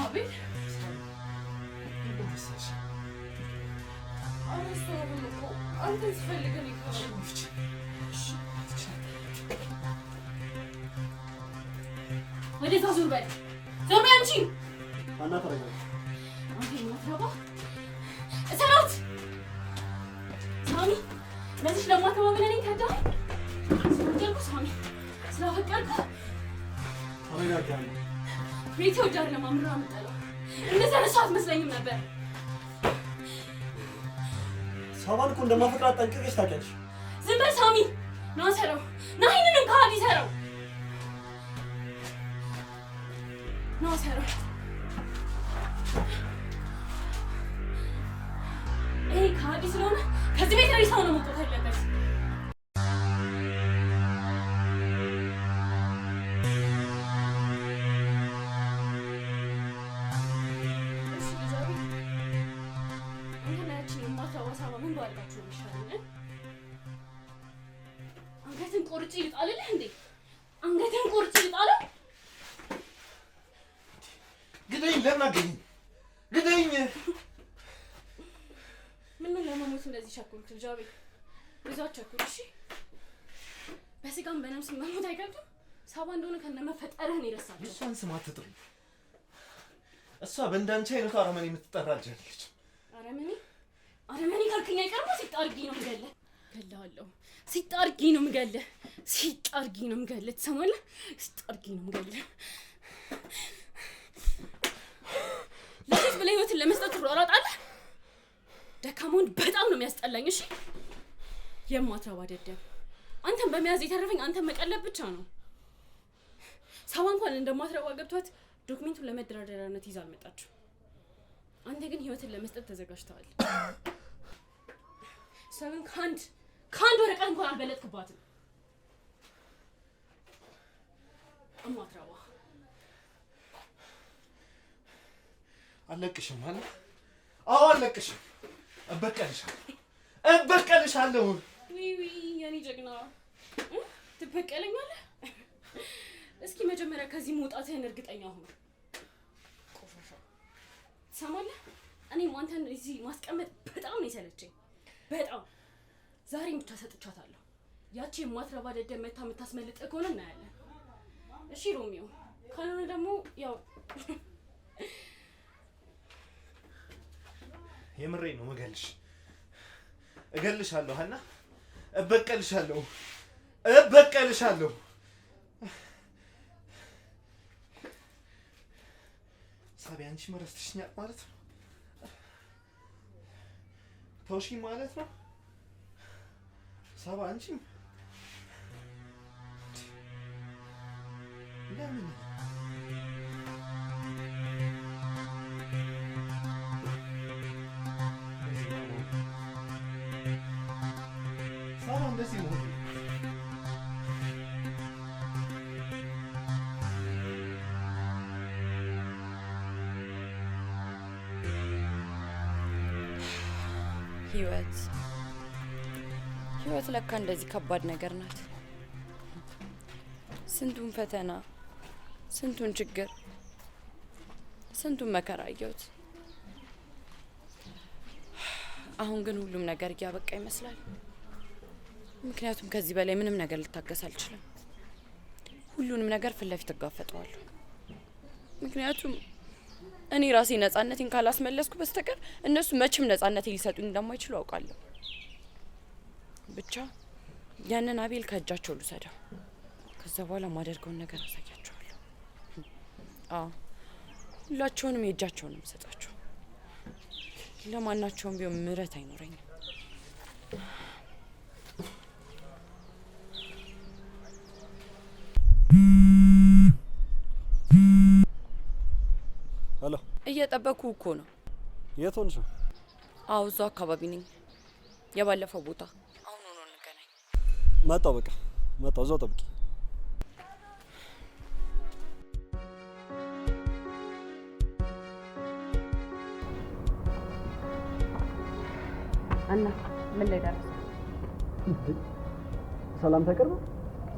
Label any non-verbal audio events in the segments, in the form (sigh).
Abi. አንተ ትፈልገን ሳሚ ለዚህ ደግሞ ተባብለን ከዳ ስለወደድኩ ሳሚ ስለፈቀድኩ ተረጋጋ ቤቴ ወዳር ለማምራ መጣለሁ። እንደዛ ነው አትመስለኝም ነበር። ሳባን እኮ እንደማፈቅራት ጠንቅቀሽ ታውቂያለሽ። ዝም በል ሳሚ። ና ሰራው ና ይሄንንም ካህዲ ሰራው ና ሰራው ይሄ ካህዲ ስለሆነ ከዚህ ቤት ሪሳው ነው መውጣት ያለበት። አትቸኩል ልጅ ቤት ብዙ አትቸኩል። እሺ በስጋም በነፍስ መሞት አይከብድም። ሳባ እንደሆነ ከነመፈጠርህን ይረሳል። እሷን ስም አትጥሪ። እሷ በእንዳንቺ አይነቱ አረመኔ የምትጠራ ልጅ አለች። አረመኔ አረመኔ ካልክኛ ይቀርቦ ሲጣርጊ ነው ምገለ ገለዋለሁ። ሲጣርጊ ነው ምገለ ሲጣርጊ ነው ምገለ ትሰማለህ? ሲጣርጊ ነው ምገለ ልጅ ብለህ ህይወትን ለመስጠት ትሯሯጣለህ። ደካማውን በጣም ነው የሚያስጠላኝ። እሺ የማትረባ ደደብ፣ አንተን በመያዝ የተረፈኝ አንተን መቀለብ ብቻ ነው። ሰው እንኳን እንደማትረባ ገብቷት ዶክሜንቱን ለመደራደሪያነት ይዛ አልመጣችሁ። አንተ ግን ህይወትን ለመስጠት ተዘጋጅተዋል። ሰብን ከአንድ ከአንድ ወረቀት እንኳን አልበለጥክባትም። እማትረባ አለቅሽም አለ። አዎ አለቅሽም እበቀልሻለሁ እበቀልሻለሁ። የኔ ጀግና ትበቀለኛለህ? እስኪ መጀመሪያ ከዚህ መውጣትህን እርግጠኛ ሁን። ቆሻሻ ትሰማለህ? እኔም አንተን እዚህ ማስቀመጥ በጣም ነው የሰለቸኝ። በጣም ዛሬም ብቻ ሰጥቻታለሁ። ያቺ የማትረባ ደደ መታ የምታስመልጥ ከሆነ እናያለን። እሺ ሮሚዮ፣ ካልሆነ ደግሞ ያው የምሬ ነው መገልሽ እገልሻለሁ ሀና እበቀልሻለሁ እበቀልሻለሁ። ሳቢ አንቺ መረስ ትሽኛል ማለት ነው ተውሺ ማለት ነው። ሳባ አንቺም ለምን ህይወት ህይወት ለካ እንደዚህ ከባድ ነገር ናት። ስንቱን ፈተና፣ ስንቱን ችግር፣ ስንቱን መከራ አየሁት። አሁን ግን ሁሉም ነገር እያበቃ ይመስላል። ምክንያቱም ከዚህ በላይ ምንም ነገር ልታገስ አልችልም። ሁሉንም ነገር ፊት ለፊት እጋፈጠዋለሁ። ምክንያቱም እኔ ራሴ ነጻነቴን ካላስመለስኩ በስተቀር እነሱ መቼም ነጻነቴ ሊሰጡኝ እንደማይችሉ አውቃለሁ። ብቻ ያንን አቤል ከእጃቸው ልውሰደው፣ ከዛ በኋላ ማደርገውን ነገር አሳያቸዋለሁ። አዎ ሁላቸውንም የእጃቸውን የምሰጣቸው፣ ለማናቸውም ቢሆን ምረት አይኖረኝም። እየጠበኩ እኮ ነው። የት ሆንሽ? አዎ እዛው አካባቢ ነኝ። የባለፈው ቦታ አሁን ሆኖ እንገናኝ። መጣሁ። በቃ መጣሁ። እዛው ጠብቂ። እና ምን ላይ ደረሰ? ሰላም ተቀርበ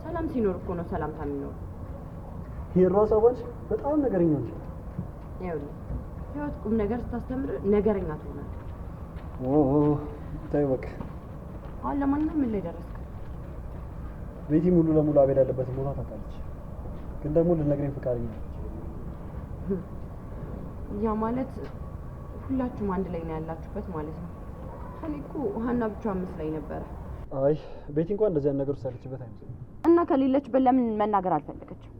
ሰላም ሲኖር እኮ ነው ሰላምታ የሚኖር። ይሄ ራሷ ባልሽ በጣም ነገረኛ ነው። ይኸውልህ ህይወት ቁም ነገር ስታስተምር ነገረኛ ትሆናለህ። በቃ። አሁን ለማንኛውም ምን ላይ ደረስክ? ቤቲ ሙሉ ለሙሉ አቤል ያለበት ቦታ ታውቃለች፣ ግን ደግሞ ልትነግረኝ ፈቃደኛ ያ ማለት ሁላችሁም አንድ ላይ ነው ያላችሁበት ማለት ነው? እኔ እኮ ሀና አምስት ላይ ነበረ። አይ ቤቲ እንኳን እንደዚህ አይነት ነገር ውስጥ አይመስለኝም። እና ከሌለችበት ለምን መናገር አልፈለገችም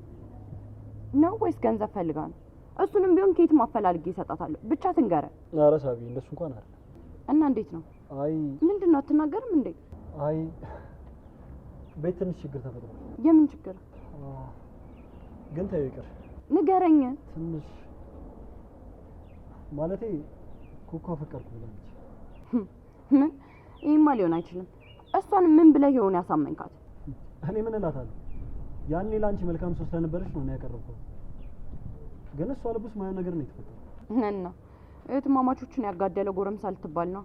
ነው ወይስ ገንዘብ ፈልጋ ነው? እሱንም ቢሆን ከየትም አፈላልጌ ይሰጣታል ብቻ ትንገረ። ኧረ ሳቢ እንደሱ እንኳን አለ እና እንዴት ነው? አይ ምንድን ነው አትናገርም እንዴ? አይ ቤት ትንሽ ችግር ተፈጥሯል። የምን ችግር ግን? ተይው ይቅር። ንገረኝ። ትንሽ ማለቴ ኮኮ አፈቀርኩ ብላለች። ምን? ይሄማ ሊሆን አይችልም። እሷን ምን ብለህ የሆነ ያሳመንካት? እኔ ምን እላታለሁ? ያኔ ለአንቺ መልካም ሰው ስለነበረች ነው ያቀረብኩት ግን እሷ ልብስ ማየው ነገር ነው የተፈጠረው። እና እህትማማቾቹን ያጋደለ ጎረምሳ ልትባል ነው።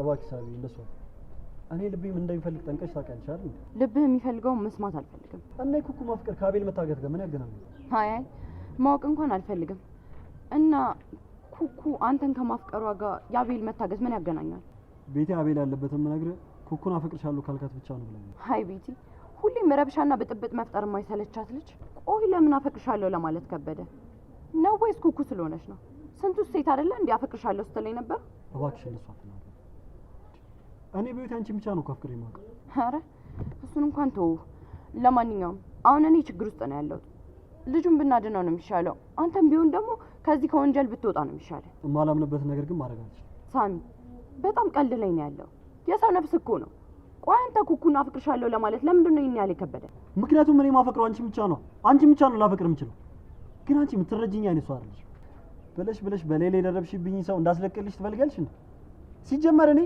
እባክሽ ሳቢ፣ እንደሷ እኔ ልቤም እንደሚፈልግ ጠንቀሽ ታውቂያለሽ አይደል? ልብህ የሚፈልገው መስማት አልፈልግም። እና የኩኩ ማፍቀር ከአቤል መታገት ጋር ምን ያገናኛል? አይ አይ ማወቅ እንኳን አልፈልግም። እና ኩኩ አንተን ከማፍቀሯ ጋር የአቤል መታገት ምን ያገናኛል? ቤቴ አቤል ያለበትን የምነግርህ ኩኩን አፈቅርሻለሁ ካልካት ብቻ ነው ብለኝ። አይ ቤቲ፣ ሁሌም ረብሻና ብጥብጥ መፍጠር የማይሰለቻት ልጅ። ቆይ ለምን አፈቅርሻለሁ ለማለት ከበደ? ነው ወይስ ኩኩ ስለሆነች ነው? ስንቱ ሴት አይደለ እንዲ አፈቅርሻለሁ ስትለኝ ነበር። እባክሽ እንደሱ እኔ በቤት አንቺ ብቻ ነው ካፍቅሬ ማቀ። አረ እሱን እንኳን ተው። ለማንኛውም አሁን እኔ ችግር ውስጥ ነው ያለሁት። ልጁን ብናድነው ነው የሚሻለው። አንተም ቢሆን ደግሞ ከዚህ ከወንጀል ብትወጣ ነው የሚሻለው። የማላምንበት ነገር ግን ማድረግ አልችልም። ሳሚ በጣም ቀልድ ላይ ነው ያለው። የሰው ነፍስ እኮ ነው። ቆይ አንተ ኩኩን አፍቅርሻለሁ ለማለት ለምንድን ነው ይህን ያህል የከበደ? ምክንያቱም እኔ ማፈቅረው አንቺን ብቻ ነው። አንቺን ብቻ ነው ላፈቅር የምችለው ግን አንቺ የምትረጅኝ አይነት ሰው አይደለሽ። ብለሽ ብለሽ በሌላ የደረብሽብኝ ሰው እንዳስለቅልሽ ትፈልጋልሽ እንዴ? ሲጀመር እኔ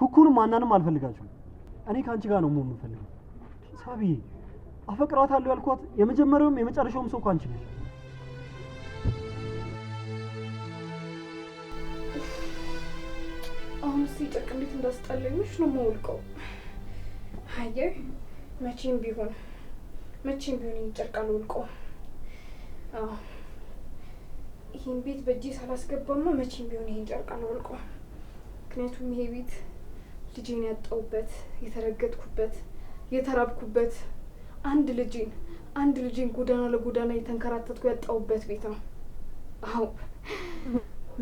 ኩኩንም ማናንም አልፈልጋችሁም። እኔ ከአንቺ ጋር ነው መሆን የምፈልገው። ሳቢዬ አፈቅራታለሁ ያልኳት የመጀመሪያውም የመጨረሻውም ሰው ከአንቺ ነሽ። አሁን ሲጨቅ እንዴት እንዳስጠለኝሽ ነው የማወልቀው። አየህ መቼም ቢሆን መቼም ቢሆን ይጨርቃል ወልቀው ይህን ቤት በእጄ ሳላስገባማ መቼም ቢሆን ይህን ጨርቅ አልወልቀውም። ምክንያቱም ይሄ ቤት ልጄን ያጣውበት የተረገጥኩበት፣ የተራብኩበት አንድ ልጄን አንድ ልጄን ጎዳና ለጎዳና የተንከራተትኩ ያጣውበት ቤት ነው። አዎ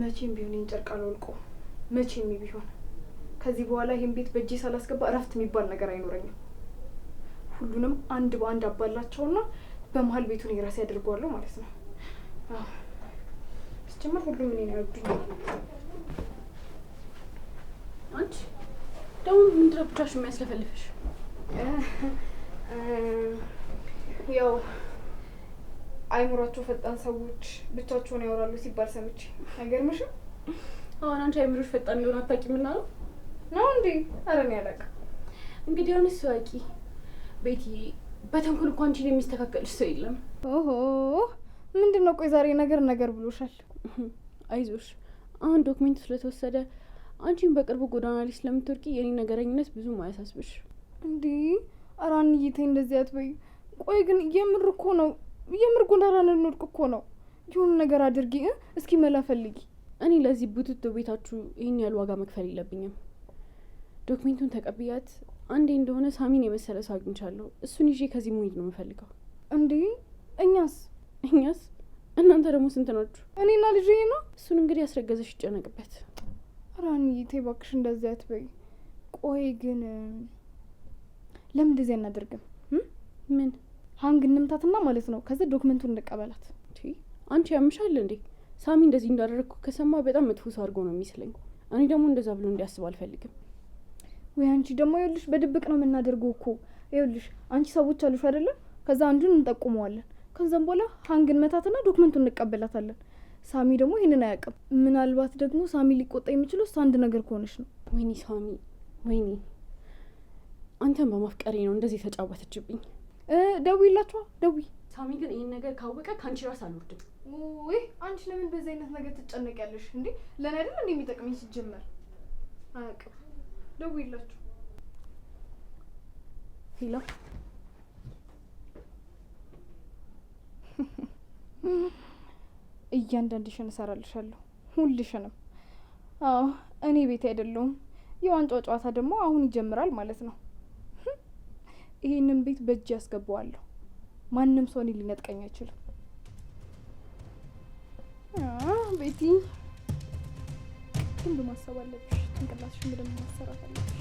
መቼም ቢሆን ይህን ጨርቅ አልወልቀውም። መቼም ቢሆን ከዚህ በኋላ ይህን ቤት በእጄ ሳላስገባ እረፍት የሚባል ነገር አይኖረኝም። ሁሉንም አንድ በአንድ አባላቸውና በመሀል ቤቱን የራሴ ያደርገዋለሁ ማለት ነው። ስጀምር ሁሉም እኔን አይወዱኝም። አንቺ ደግሞ ምንድን ነው የሚያስለፈልፍሽ? ያው አይምሯቸው ፈጣን ሰዎች ብቻቸውን ያወራሉ ሲባል ሰምቼ አይገርምሽም? አሁን አንቺ አይምሮሽ ፈጣን እንደሆነ አታውቂም እና ነው ነው እንዴ? አረን እኔ እንግዲህ አሁን እሱ አውቂ በተንኩል እኮ አንቺን የሚስተካከልሽ ሰው የለም። ኦሆ ምንድን ነው? ቆይ ዛሬ ነገር ነገር ብሎሻል። አይዞሽ አሁን ዶክሜንቱ ስለተወሰደ አንቺን በቅርቡ ጎዳና ላይ ስለምትወርቂ የኔ ነገረኝነት ብዙ አያሳስብሽ። እንዲህ አራንይቴ እንደዚህ አትበይ። ቆይ ግን የምር እኮ ነው የምር ጎዳና ልንወድቅ እኮ ነው። የሆኑ ነገር አድርጊ እስኪ መላ ፈልጊ። እኔ ለዚህ ቡትቶ ቤታችሁ ይህን ያህል ዋጋ መክፈል የለብኝም። ዶክሜንቱን ተቀብያት አንዴ እንደሆነ ሳሚን የመሰለ ሰው አግኝቻለሁ። እሱን ይዤ ከዚህ መሄድ ነው የምፈልገው። እንዴ እኛስ እኛስ እናንተ ደግሞ ስንት ናችሁ? እኔና ልጅ ነው። እሱን እንግዲህ ያስረገዘሽ ይጨነቅበት። ራኒቴ ባክሽ እንደዚያ አትበይ። ቆይ ግን ለምን እንደዚህ አናደርግም? ምን ሀንግ እንምታትና ማለት ነው። ከዚ ዶክመንቱን እንቀበላት። አንቺ ያምሻል እንዴ? ሳሚ እንደዚህ እንዳደረግኩ ከሰማ በጣም መጥፎ ሰው አድርጎ ነው የሚስለኝ። እኔ ደግሞ እንደዛ ብሎ እንዲያስብ አልፈልግም። ወይ አንቺ ደግሞ ይኸውልሽ፣ በድብቅ ነው የምናደርገው እኮ ይኸውልሽ፣ አንቺ ሰዎች አሉሽ አይደለም? ከዛ አንዱን እንጠቁመዋለን። ከዛም በኋላ ሀንግን መታትና ዶክመንቱን እንቀበላታለን። ሳሚ ደግሞ ይህንን አያውቅም። ምናልባት ደግሞ ሳሚ ሊቆጣ የሚችለው እሱ አንድ ነገር ከሆነች ነው። ወይኔ ሳሚ፣ ወይኔ አንተን በማፍቀሬ ነው እንደዚህ የተጫወተችብኝ። ደውዪላችኋ፣ ደውዪ። ሳሚ ግን ይህን ነገር ካወቀ ከአንቺ ራስ አልወርድም። ወይ አንቺ ለምን በዚህ አይነት ነገር ትጨነቂያለሽ እንዴ? ለእኔ አይደል እንደ የሚጠቅመኝ ሲጀመር አያውቅም ደውይላችሁ። ሄሎ እያንዳንድሽን እሰራልሻለሁ፣ ሁልሽንም። አዎ እኔ ቤት አይደለሁም። የዋንጫው ጨዋታ ደግሞ አሁን ይጀምራል ማለት ነው። ይህንን ቤት በእጅ ያስገባዋለሁ። ማንም ሰው እኔ ሊነጥቀኝ አይችልም። ቤቲ ግን ማሰብ አለብሽ። ጭንቅላትሽን በደንብ ማሰራት አለብሽ።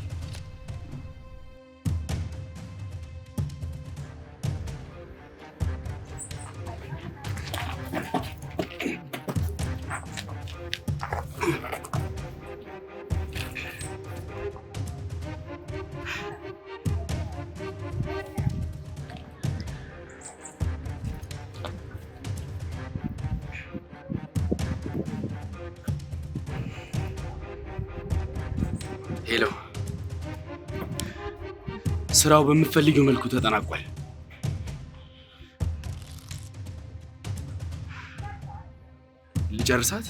ሄሎ፣ ስራው በምትፈልጊው መልኩ ተጠናቋል። ልጨርሳት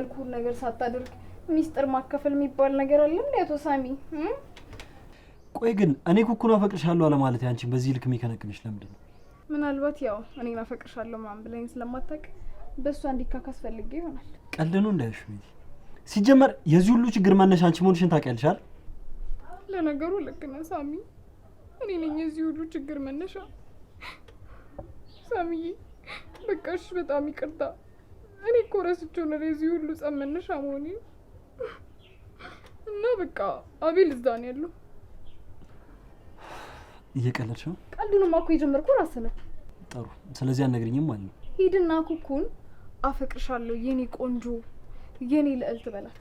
ያልኩህን ነገር ሳታደርግ ሚስጥር ማካፈል የሚባል ነገር አለ እንዴ? አቶ ሳሚ፣ ቆይ ግን እኔ ኩኩን አፈቅርሻለሁ አለማለት አንቺን በዚህ ልክ የሚከነቅንሽ ለምንድን ነው? ምናልባት ያው እኔን አፈቅርሻለሁ ማን ብለኝ ስለማታውቅ በእሷ እንዲካካስ ፈልጌ ይሆናል። ቀልድ ነው ሲጀመር የዚህ ሁሉ ችግር መነሻ አንቺ መሆንሽን ታውቂያለሽ ለነገሩ ልክ ነህ ሳሚ። እኔ ነኝ የዚህ ሁሉ ችግር መነሻ። ሳሚዬ፣ በቃሽ። በጣም ይቅርታ እኔ እኮ ረስቼው ነው የዚህ ሁሉ ጸብ መነሻ መሆኔ እና በቃ አቤል እዛ ነው ያለው። እየቀለድሽ ነው? ቀልዱንማ እኮ የጀመርኩ ራስህ ነው። ጥሩ፣ ስለዚህ አነግርኝም ማለት ነው። ሂድና ኩኩን አፈቅርሻለሁ የኔ ቆንጆ የኔ ልዕልት በላት።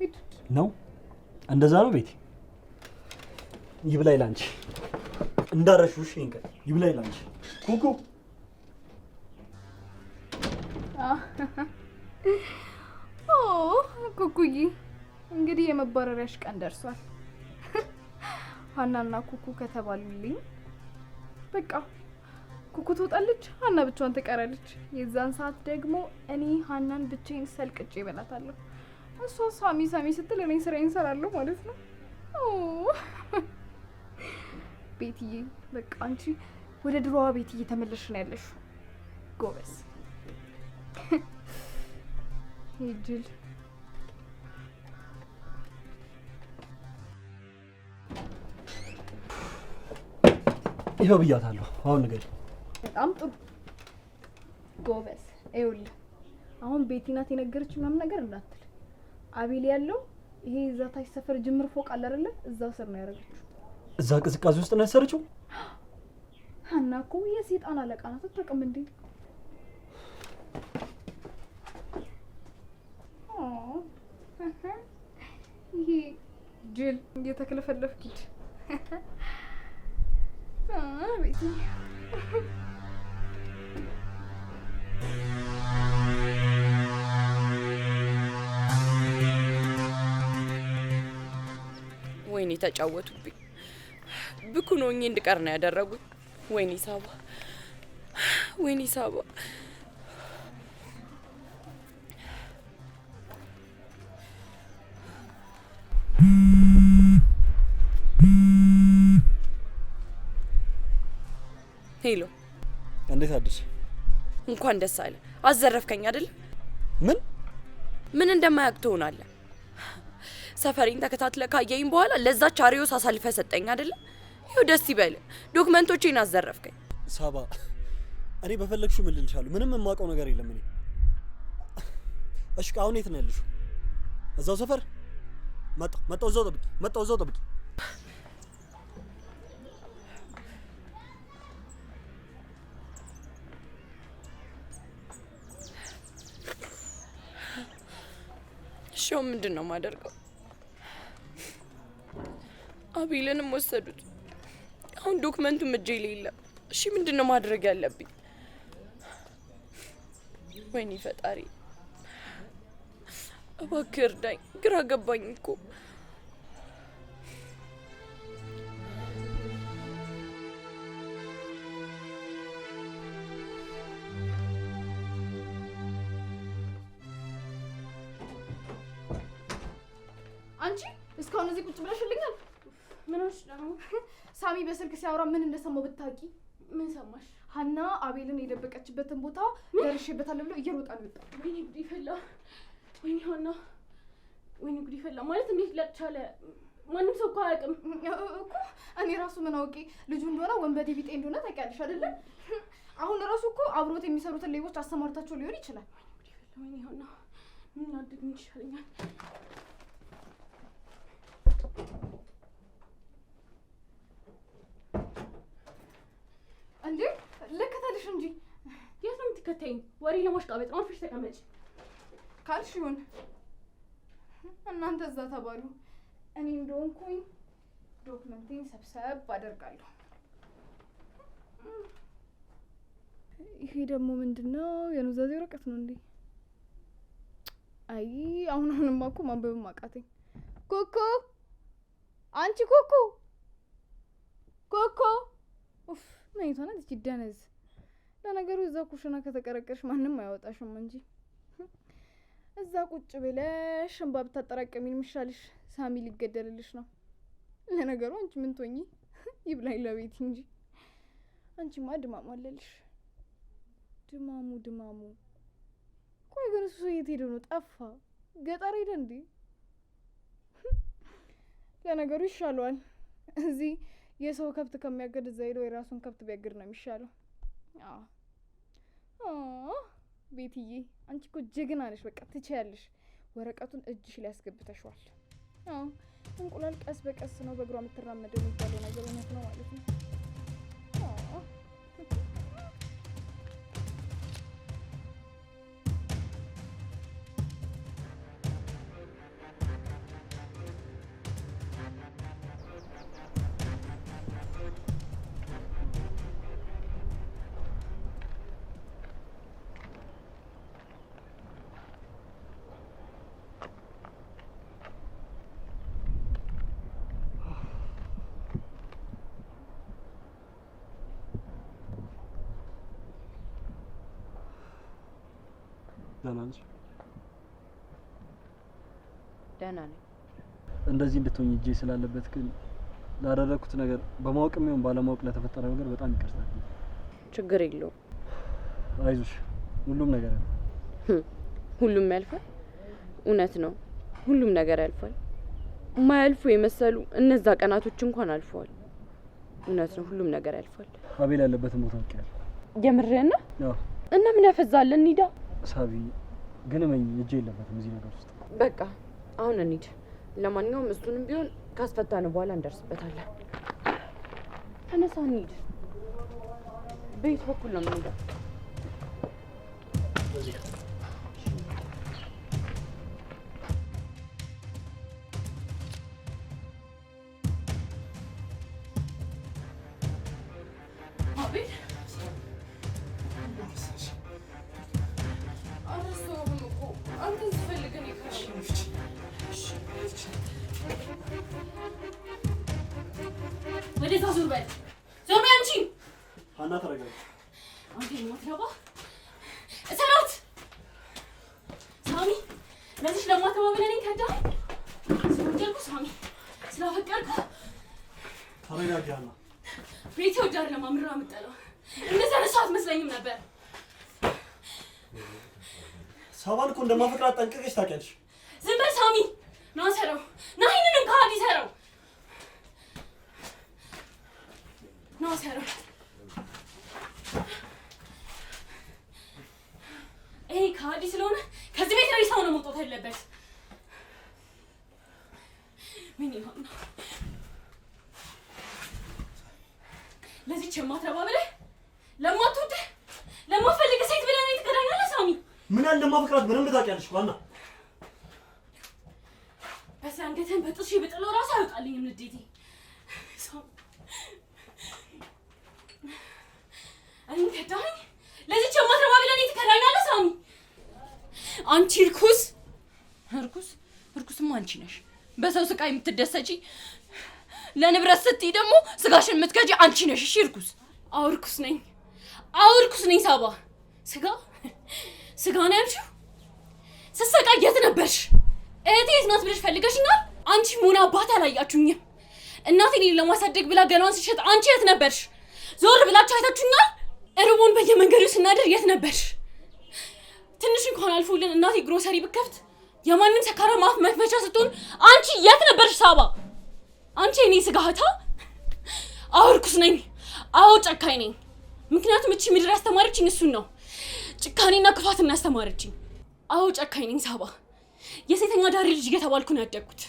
ሂድ ነው እንደዛ ነው ቤቴ። ይብላኝ ላንቺ እንዳረሹሽ ይንቀል። ይብላኝ ላንቺ ኩኩ ኦ ኩኩዬ እንግዲህ የመባረሪያሽ ቀን ደርሷል። ሀናና ኩኩ ከተባሉልኝ በቃ ኩኩ ትወጣለች፣ ሀና ብቻዋን ትቀራለች። የዛን ሰዓት ደግሞ እኔ ሀናን ብቻዬን ሰልቅጬ ይበላታለሁ። እሷ ሳሚ ሳሚ ስትል እኔ ስራዬን እሰራለሁ ማለት ነው። ቤትዬ በቃ አንቺ ወደ ድሮዋ ቤትዬ ተመለሽ ነው ያለሽ። ጎበዝ ይድል (laughs) ይኸው ብያታለሁ። አሁን ንገድ። በጣም ጥሩ ጎበዝ። ይኸውልህ አሁን ቤቲ ናት የነገረች ምናምን ነገር እንዳትል። አቤል ያለው ይሄ እዛ ታች ሰፈር ጅምር ፎቅ አለ አይደለ? እዛው ስር ነው ያደረገችው። እዛ ቅዝቃዜ ውስጥ ነው ያሰረችው። (gasps) ሀና እኮ የሴጣን አለቃ ናት። አታውቅም እንዴ? ይሄ ጅል እየተክለፈለፍኩት ቤት ወይኔ ተጫወቱብኝ። ብኩን ሆኜ እንድቀር ነው ያደረጉኝ። ወይኔ ሳባ፣ ወይኔ ሳባ ሄሎ፣ እንዴት አዲስ? እንኳን ደስ አለ። አዘረፍከኝ አይደል? ምን ምን እንደማያውቅ ትሆናለህ። ሰፈሬን ተከታትለ ካየኝ በኋላ ለዛች አሪዮስ አሳልፈ ሰጠኝ አይደል? ይኸው ደስ ይበል። ዶክመንቶቼን አዘረፍከኝ። ሳባ፣ እኔ በፈለግሽው ምን ልልሻለሁ? ምንም የማውቀው ነገር የለም እኔ። እሺ፣ አሁን የት ነው ያለሽው? እዛው ሰፈር መጣ መጣው፣ እዛው ጠብቂ፣ መጣው፣ እዛው ጠብቂ ምንድን ነው ማደርገው? አቤልንም ወሰዱት። አሁን ዶክመንቱም እጄ ላይ የለም። እሺ ምንድን ነው ማድረግ ያለብኝ? ወይኔ ፈጣሪ እባክህ እርዳኝ፣ ግራ ገባኝ እኮ ሳሚ በስልክ ሲያወራ ምን እንደሰማው ብታውቂ። ምን ሰማሽ? ሀና አቤልን የደበቀችበትን ቦታ ደርሼበታለሁ ብሎ እየሮጠ ነው የወጣው። ወይኔ ጉድ ይፈላ! ወይኔ ሀና! ወይኔ ጉድ ይፈላ! ማለት እንዴት ላልቻለ ማንም ሰው እኮ አያውቅም እኮ። እኔ ራሱ ምን አውቄ ልጁ እንደሆነ ወንበዴ ቢጤ እንደሆነ ታውቂያለሽ አይደለም? አሁን ራሱ እኮ አብሮት የሚሰሩትን ሌቦች አሰማርታቸው ሊሆን ይችላል። ወይኔ ሀና! ምን አድርግ ይሻለኛል? እንዴ ልከተልሽ እንጂ የት ነው የምትከተይኝ? ወሬ ለማሽቃበጥ ነው። አርፈሽ ተቀመጭ ካልሽ ይሁን። እናንተ እዛ ተባሉ። እኔ እንደሆንኩኝ ዶክመንቴን ሰብሰብ አደርጋለሁ። ይሄ ደግሞ ምንድን ነው? የኑዛዜ ወረቀት ነው እንዴ? አይ አሁን አሁንማ እኮ ማንበብም አቃተኝ። ኮኮ አንቺ ኮኮ ኮኮ ምን ናት ይቺ ደነዝ? ለነገሩ እዛ ኩሽና ከተቀረቀርሽ ማንም አያወጣሽም እንጂ እዛ ቁጭ ብለሽ እንባ ብታጠራቀሚን የሚሻልሽ። ሳሚ ሊገደልልሽ ነው። ለነገሩ አንቺ ምን ትሆኚ ይብላኝ ለቤት እንጂ አንቺማ ድማሙ አለልሽ። ድማሙ ድማሙ። ቆይ ግን እሱ የት ሄደ ነው? ጠፋ? ገጠር ሄደ እንዴ? ለነገሩ ይሻለዋል እዚህ የሰው ከብት ከሚያገድ እዛ ሄዶ የራሱን ከብት ቢያግድ ነው የሚሻለው። ቤትዬ አንቺ እኮ ጀግና ነሽ። በቃ ትችያለሽ። ወረቀቱን እጅሽ ላይ ያስገብተሸዋል። እንቁላል ቀስ በቀስ ነው በእግሯ የምትራመደው የሚባለው ነገር እውነት ነው ማለት ነው። ደህና ነሽ? ደህና ነኝ። እንደዚህ እንድትሆኝ እጄ ስላለበት ግን ላደረግኩት ነገር በማወቅም ይሁን ባለማወቅ ለተፈጠረው ነገር በጣም ይቅርታ። ችግር የለውም። አይዞሽ፣ ሁሉም ነገር ያልፋል። ሁሉም ያልፋል። እውነት ነው፣ ሁሉም ነገር ያልፋል። ማያልፉ የመሰሉ እነዛ ቀናቶች እንኳን አልፈዋል። እውነት ነው፣ ሁሉም ነገር ያልፋል። አቤል ያለበትን ቦታ ያውቃል። የምርህና እና ምን ያፈዛለን? እንሂዳ ሳቢ ግን እመኝ እጅ የለበትም እዚህ ነገር ውስጥ። በቃ አሁን እንሂድ። ለማንኛውም እሱንም ቢሆን ካስፈታን በኋላ እንደርስበታለን። ተነሳ እንሂድ። በየት በኩል ነው የምንሄደው? ወደዛ ዞር በል ዞር በል እንጂ ሀና ተረጋጋ። አንተ የማትረባ ሰራውት ሳሚ፣ ለዚህ ለማትረባ ብለህ እኔን ከዳኸኝ። ሳሚ፣ ስላፈቀርኩህ ተረጋጋ ሀና። ቤቴ ወዳር ለማምራ የምጠላው እንደዚያ ነሳት መስለኝም ነበር ሳባን እኮ እንደማፈቅራት ጠንቅቀሽ ታውቂያለሽ። ዝም በል ሳሚ። ና ሰረው፣ ና ይሄንንም ከሀዲ ሰረው፣ ና ሰረው። ይሄ ከሀዲ ስለሆነ ከዚህ ቤት ላይ ሰው ነው መውጣት ያለበት። ምን ይሆን ነው ለዚች የማትረባ ብለህ ለማትወድ ለማፈልግ ሴት ብለህ ነው የተገናኘው ሳሚ ምን ያህል እንደማፈቅራት በደንብ ታውቂያለሽ እኮ ሀና። በዚህ አንገትህን በጥሽ ብጥለው እራሱ አይወጣልኝም ንዴቴ። እኔን ከዳኝ ለዚች የማትረባ ብለህ እኔን ትከዳኛለህ ሳሚ? አንቺ እርኩስ እርኩስ እርኩስማ አንቺ ነሽ። በሰው ስቃይ የምትደሰጪ ለንብረት ስትይ ደግሞ ስጋሽን የምትከጂ አንቺ ነሽ። እሺ እርኩስ። አዎ እርኩስ ነኝ። አዎ እርኩስ ነኝ ሳባ ስጋ ስጋ ነው ያልሽው ስሰቃ የት ነበርሽ? እህቴ የት ናት ብለሽ ፈልገሽኛል? አንቺ ሞና አባት አላያችሁኝም። እናቴን ለማሳደግ ብላ ገናን ስትሸጥ አንቺ የት ነበርሽ? ዞር ብላችሁ አይታችሁኛል? እርቦን በየመንገዱ ስናደር የት ነበርሽ? ትንሽ እንኳን አልፎልን እናቴ ግሮሰሪ ብከፍት የማንም ሰካራ አፍ መክፈቻ ስትሆን አንቺ የት ነበርሽ? ሳባ አንቺ እኔ ስጋታ አዎ፣ ነኝ። አዎ፣ ጨካኝ ነኝ። ምክንያቱም እቺ ምድር ያስተማረችኝ እሱን ነው። ጭካኔና ክፋት እናስተማረችኝ። አዎ ጨካኝ ነኝ ሳባ። የሴተኛ ዳሪ ልጅ እየተባልኩ ነው ያደግኩት።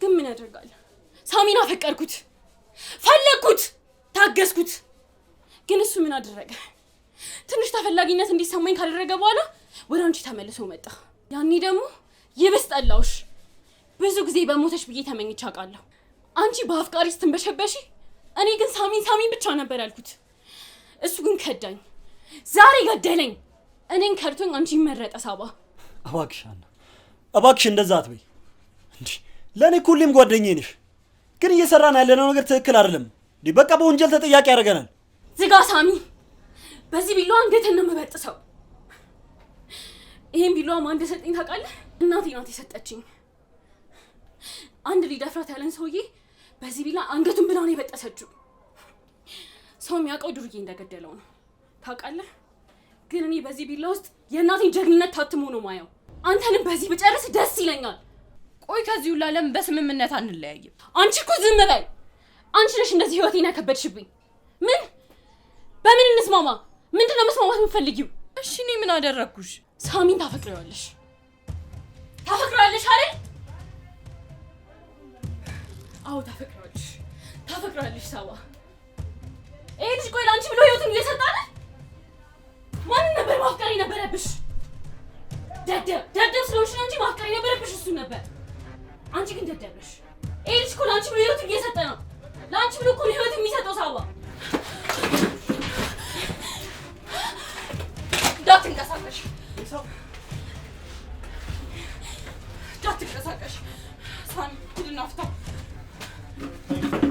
ግን ምን ያደርጋል፣ ሳሚን አፈቀርኩት፣ ፈለግኩት፣ ታገዝኩት። ግን እሱ ምን አደረገ? ትንሽ ተፈላጊነት እንዲሰማኝ ካደረገ በኋላ ወደ አንቺ ተመልሶ መጣ። ያኔ ደግሞ ይብስ ጠላውሽ። ብዙ ጊዜ በሞተች ብዬ ተመኝቼ አውቃለሁ። አንቺ በአፍቃሪ ስትንበሸበሺ፣ እኔ ግን ሳሚን ሳሚን ብቻ ነበር ያልኩት። እሱ ግን ከዳኝ። ዛሬ ገደለኝ። እኔን ከርቶኝ አንቺ መረጠ ሳባ። እባክሽ ሀና፣ እባክሽ እንደዛ አትበይ። እንዲ ለእኔ ሁሌም ጓደኛዬ ነሽ፣ ግን እየሰራን ያለነው ነገር ትክክል አይደለም። እንዲህ በቃ በወንጀል ተጠያቂ ያደርገናል። ዝጋ ሳሚ፣ በዚህ ቢሏ አንገትን ነው የምበጥሰው። ይህም ቢሏ ማን እንደሰጠኝ ታውቃለህ? እናቴ ናት የሰጠችኝ። አንድ ሊደፍራት ያለን ሰውዬ በዚህ ቢላ አንገቱን ብላ ነው የበጠሰችው። ሰው የሚያውቀው ዱርዬ እንደገደለው ነው። ታውቃለህ ግን እኔ በዚህ ቢላ ውስጥ የእናቴን ጀግንነት ታትሞ ነው ማየው። አንተንም በዚህ ብጨርስ ደስ ይለኛል። ቆይ ከዚህ ሁላ ዓለም በስምምነት አንለያይም። አንቺ እኮ ዝም በይ። አንቺ ነሽ እንደዚህ ህይወቴን ያከበድሽብኝ። ምን በምን እንስማማ? ምንድን ነው መስማማት የምፈልጊው? እሺ እኔ ምን አደረግኩሽ? ሳሚን ታፈቅረዋለሽ፣ ታፈቅረዋለሽ አይደል? አዎ ታፈቅረዋለሽ፣ ታፈቅረዋለሽ። ሳባ ይሄ ልጅ ቆይ ለአንቺ ብሎ ህይወቱን እየሰጣ ማንን ነበር ማፍቀር የነበረብሽ? ደደብ ደደብ ስለሆንሽ ነው እንጂ ማፍቀር የነበረብሽ እሱን ነበር። አንቺ ግን ደደብ ነሽ። ይሄ ልጅ እኮ ለአንቺ ብሎ ህይወት እየሰጠ ነው። ለአንቺ ብሎ እኮ ህይወት የሚሰጠው ሳባ። እንዳትንቀሳቀሽ፣ እንዳትንቀሳቀሽ ሳሚ ሂድና ፍታው።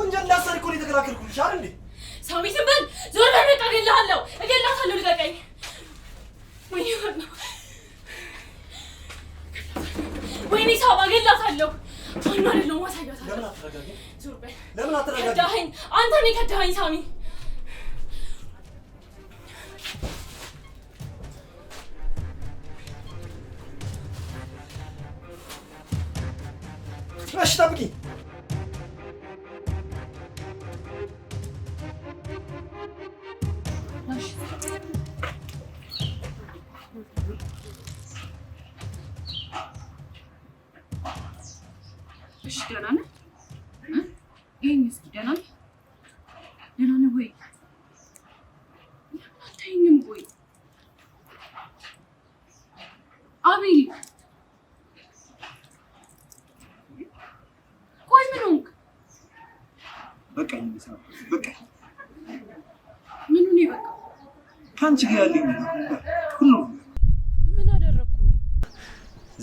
ወንጀል እንዳሰሪ እኮ ነው የተከላከልኩልሽ አይደል እንዴ? ሳሚ ዝም በል፣ ዞር በል። በቃ እገልሃለሁ፣ እገልሃታለሁ። ልቀቀኝ። ወይኔ ሳባ እገልሃታለሁ። ዋና አይደለሁም፣ አሳያታለሁ። ዞር በል። ለምን አትረጋጋኝ? ከዳኸኝ፣ አንተ ነህ ከዳኸኝ ሳሚ። እሺ ጠብቂኝ እሺ ደህና ነህ? ይሄን እስኪ ደህና ነህ? ደህና ነህ ወይ? አታይኝም ወይ? አቤል ቆይ ምን ሆንክ? በቃ በቃ ምኑን በቃ ከአንቺ ጋር ያለኝ ሁሉ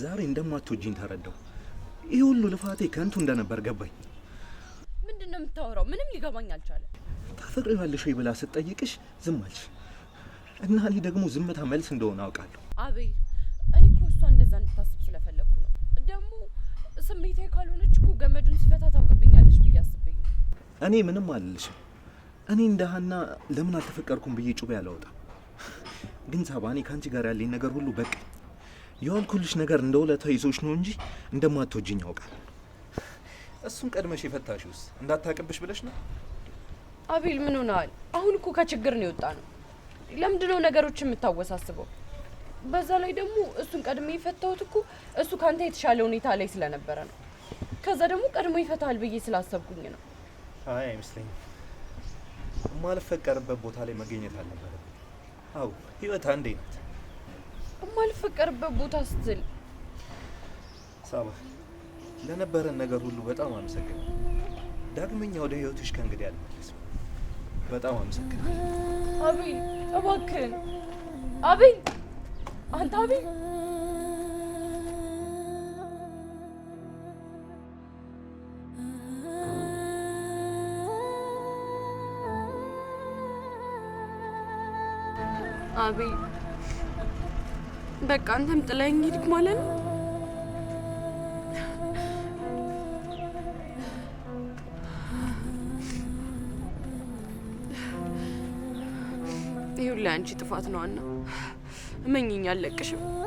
ዛሬ እንደማትወጂኝ ተረዳው። ይህ ሁሉ ልፋቴ ከንቱ እንደነበር ገባኝ። ምንድን ነው የምታወራው? ምንም ሊገባኝ አልቻለ። ታፈቅሪዋለሽ ወይ ብላ ስጠይቅሽ ዝም አልሽ እና እኔ ደግሞ ዝምታ መልስ እንደሆነ አውቃለሁ። አቤ እኔ እኮ እሷ እንደዛ እንድታስብ ስለፈለግኩ ነው። ደግሞ ስሜቴ ካልሆነች እኮ ገመዱን ስፈታ ታውቅብኛለች ብዬ አስብኝ። እኔ ምንም አልልሽም። እኔ እንደ ሀና ለምን አልተፈቀርኩም ብዬ ጩቤ አላወጣም። ግን ሳባ፣ እኔ ከአንቺ ጋር ያለኝ ነገር ሁሉ በቃ የዋልኩልሽ ነገር እንደ ውለታ ይዞሽ ነው እንጂ እንደማትወጅኝ ያውቃል። እሱን ቀድመሽ የፈታሽውስ እንዳታቅብሽ ብለሽ ነው። አቤል ምን ሆነሃል? አሁን እኮ ከችግር ነው የወጣ ነው። ለምንድነው ነገሮች የምታወሳስበው? በዛ ላይ ደግሞ እሱን ቀድሜ የፈታሁት እኮ እሱ ካንተ የተሻለ ሁኔታ ላይ ስለነበረ ነው። ከዛ ደግሞ ቀድሞ ይፈታል ብዬ ስላሰብኩኝ ነው። አይ አይመስለኝም። ማልፈቀርበት ቦታ ላይ መገኘት አልነበረ። አዎ ህይወት አንዴ ናት። የማልፈቀርበት ቦታ ስትል ሳባ፣ ለነበረን ነገር ሁሉ በጣም አመሰግናለሁ። ዳግመኛ ወደ ህይወትሽ ከእንግዲህ አልመለስም። በጣም አመሰግናለሁ። አቤል፣ እባክህን አቤል፣ አንተ አቤል አቤል በቃ አንተም ጥለኸኝ ሄድክ ማለት ነው። ይሁን ለአንቺ ጥፋት ነው አና እመኝኝ አለቅሽም